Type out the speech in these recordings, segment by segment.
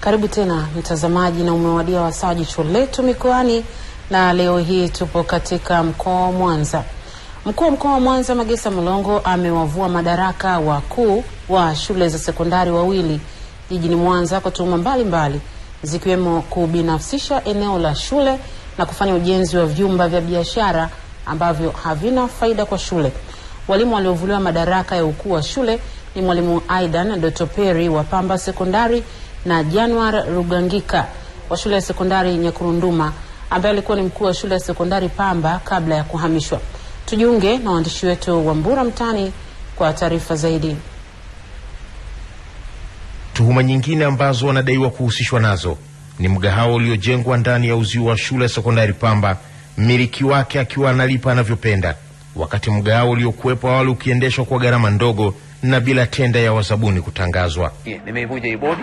Karibu tena mtazamaji, na umewadia wasaa jicho letu mikoani, na leo hii tupo katika mkoa wa Mwanza. Mkuu wa mkoa wa Mwanza Magesa Mlongo amewavua madaraka wakuu wa shule za sekondari wawili jijini Mwanza kwa tuhuma mbalimbali zikiwemo kubinafsisha eneo la shule na kufanya ujenzi wa vyumba vya biashara ambavyo havina faida kwa shule. Walimu waliovuliwa madaraka ya ukuu wa shule ni mwalimu Aidan Dotoperi wa Pamba Sekondari na Januar Rugangika wa shule ya sekondari Nyakurunduma ambaye alikuwa ni mkuu wa shule ya sekondari Pamba kabla ya kuhamishwa. Tujiunge na waandishi wetu wa Mbura Mtani kwa taarifa zaidi. Tuhuma nyingine ambazo wanadaiwa kuhusishwa nazo ni mgahawa uliojengwa ndani ya uzio wa shule ya sekondari Pamba, mmiliki wake akiwa analipa anavyopenda, wakati mgahawa uliokuwepo awali ukiendeshwa kwa gharama ndogo na bila tenda ya wasabuni kutangazwa. Yeah, nimeivunja hii bodi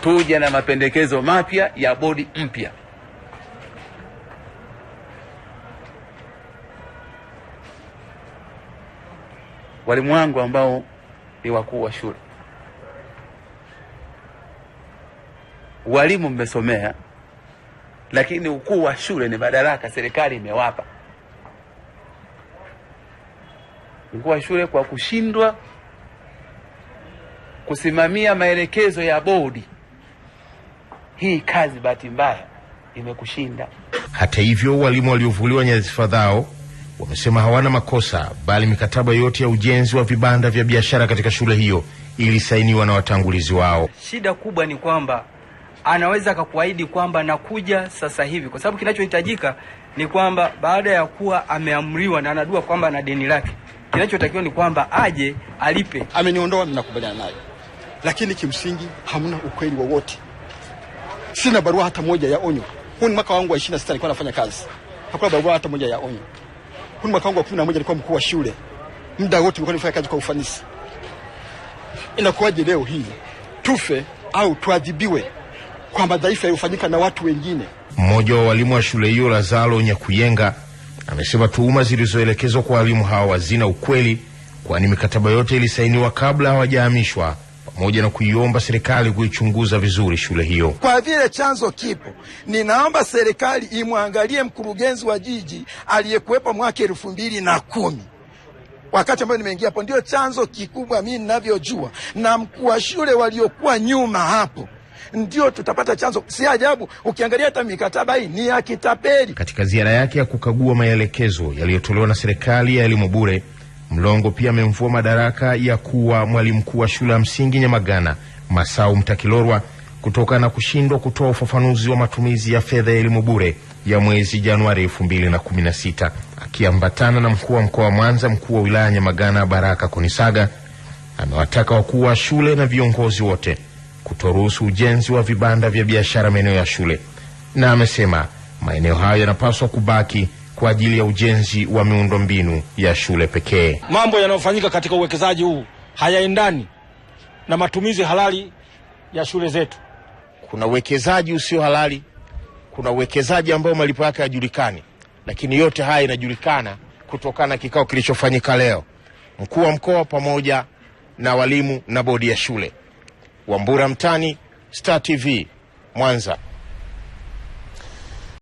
tuje na mapendekezo mapya ya bodi mpya. Walimu wangu ambao ni wakuu wa shule, walimu mmesomea, lakini ukuu wa shule ni madaraka serikali imewapa. Ukuu wa shule kwa kushindwa kusimamia maelekezo ya bodi hii kazi bahati mbaya imekushinda. Hata hivyo, walimu waliovuliwa nyadhifa zao wamesema hawana makosa, bali mikataba yote ya ujenzi wa vibanda vya biashara katika shule hiyo ilisainiwa na watangulizi wao. Shida kubwa ni kwamba anaweza akakuahidi kwamba nakuja sasa hivi, kwa sababu kinachohitajika ni kwamba baada ya kuwa ameamriwa na anadua kwamba na deni lake, kinachotakiwa ni kwamba aje alipe. Ameniondoa, ninakubaliana naye, lakini kimsingi hamna ukweli wowote Sina barua hata moja ya onyo. Huu ni mwaka wangu wa 26 nilikuwa nafanya kazi. Hakuna barua hata moja ya onyo. Huu ni mwaka wangu wa 11 nilikuwa mkuu wa shule. Muda wote nilikuwa nifanya kazi kwa ufanisi. Inakuwaje leo hii? Tufe au tuadhibiwe kwa madhaifa yaliyofanyika na watu wengine? Mmoja wa walimu wa shule hiyo Lazaro Nyakuyenga amesema tuhuma zilizoelekezwa kwa walimu hawa hazina ukweli, kwani mikataba yote ilisainiwa kabla hawajahamishwa pamoja na kuiomba serikali kuichunguza vizuri shule hiyo. Kwa vile chanzo kipo, ninaomba serikali imwangalie mkurugenzi wa jiji aliyekuwepo mwaka elfu mbili na kumi wakati ambayo nimeingia hapo, ndio chanzo kikubwa mimi ninavyojua, na mkuu wa shule waliokuwa nyuma hapo ndio tutapata chanzo. Si ajabu ukiangalia hata mikataba hii ni ya kitapeli. Katika ziara yake ya kukagua maelekezo yaliyotolewa na serikali ya elimu bure Mlongo pia amemvua madaraka ya kuwa mwalimu mkuu wa shule ya msingi Nyamagana Masau Mtakilorwa kutokana na kushindwa kutoa ufafanuzi wa matumizi ya fedha ya elimu bure ya mwezi Januari elfu mbili na kumi na sita akiambatana na mkuu wa mkoa wa Mwanza, mkuu wa wilaya Nyamagana Baraka Konisaga amewataka wakuu wa shule na viongozi wote kutoruhusu ujenzi wa vibanda vya biashara maeneo ya shule, na amesema maeneo hayo yanapaswa kubaki kwa ajili ya ujenzi wa miundombinu ya shule pekee. Mambo yanayofanyika katika uwekezaji huu hayaendani na matumizi halali ya shule zetu. Kuna uwekezaji usio halali, kuna uwekezaji ambao malipo yake hayajulikani, lakini yote haya inajulikana kutokana na kikao kilichofanyika leo, mkuu wa mkoa pamoja na walimu na bodi ya shule. Wambura Mtani, Star TV, Mwanza.